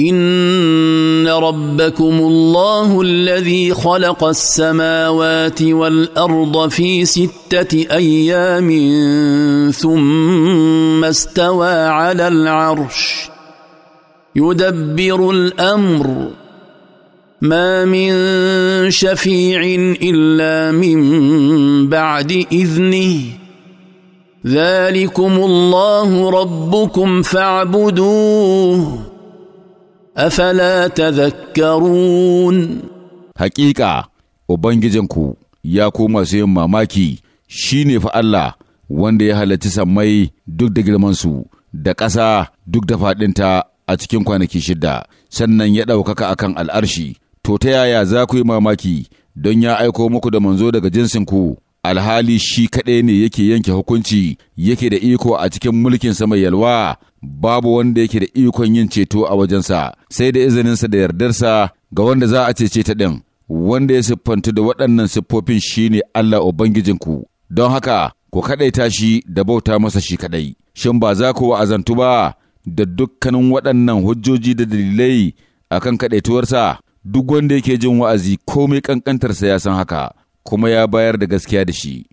ان ربكم الله الذي خلق السماوات والارض في سته ايام ثم استوى على العرش يدبر الامر ما من شفيع الا من بعد اذنه ذلكم الله ربكم فاعبدوه أفلا تذكرون حقيقة Ubangijinku ya koma su yin mamaki shi fa Allah wanda ya halarci sammai duk da su da ƙasa duk da faɗinta a cikin kwanaki shida sannan ya ɗaukaka akan al'arshi to ta yaya za ku yi mamaki don ya aiko muku da manzo daga jinsin ku? alhali shi kaɗai ne yake yanke hukunci yake da iko a cikin mulkin mai yalwa babu wanda yake da ikon yin ceto a wajensa sai da izininsa da yardarsa ga wanda za a cece ta ɗin wanda ya siffantu da waɗannan siffofin shine Allah Ubangijinku don haka ku kaɗaita shi da bauta masa shi kaɗai shin ba za ku wa'azantu ba da dukkanin waɗannan hujjoji da dalilai akan kaɗaituwarsa duk wanda yake jin wa'azi komai ƙanƙantarsa ya san haka kuma ya bayar da gaskiya da shi.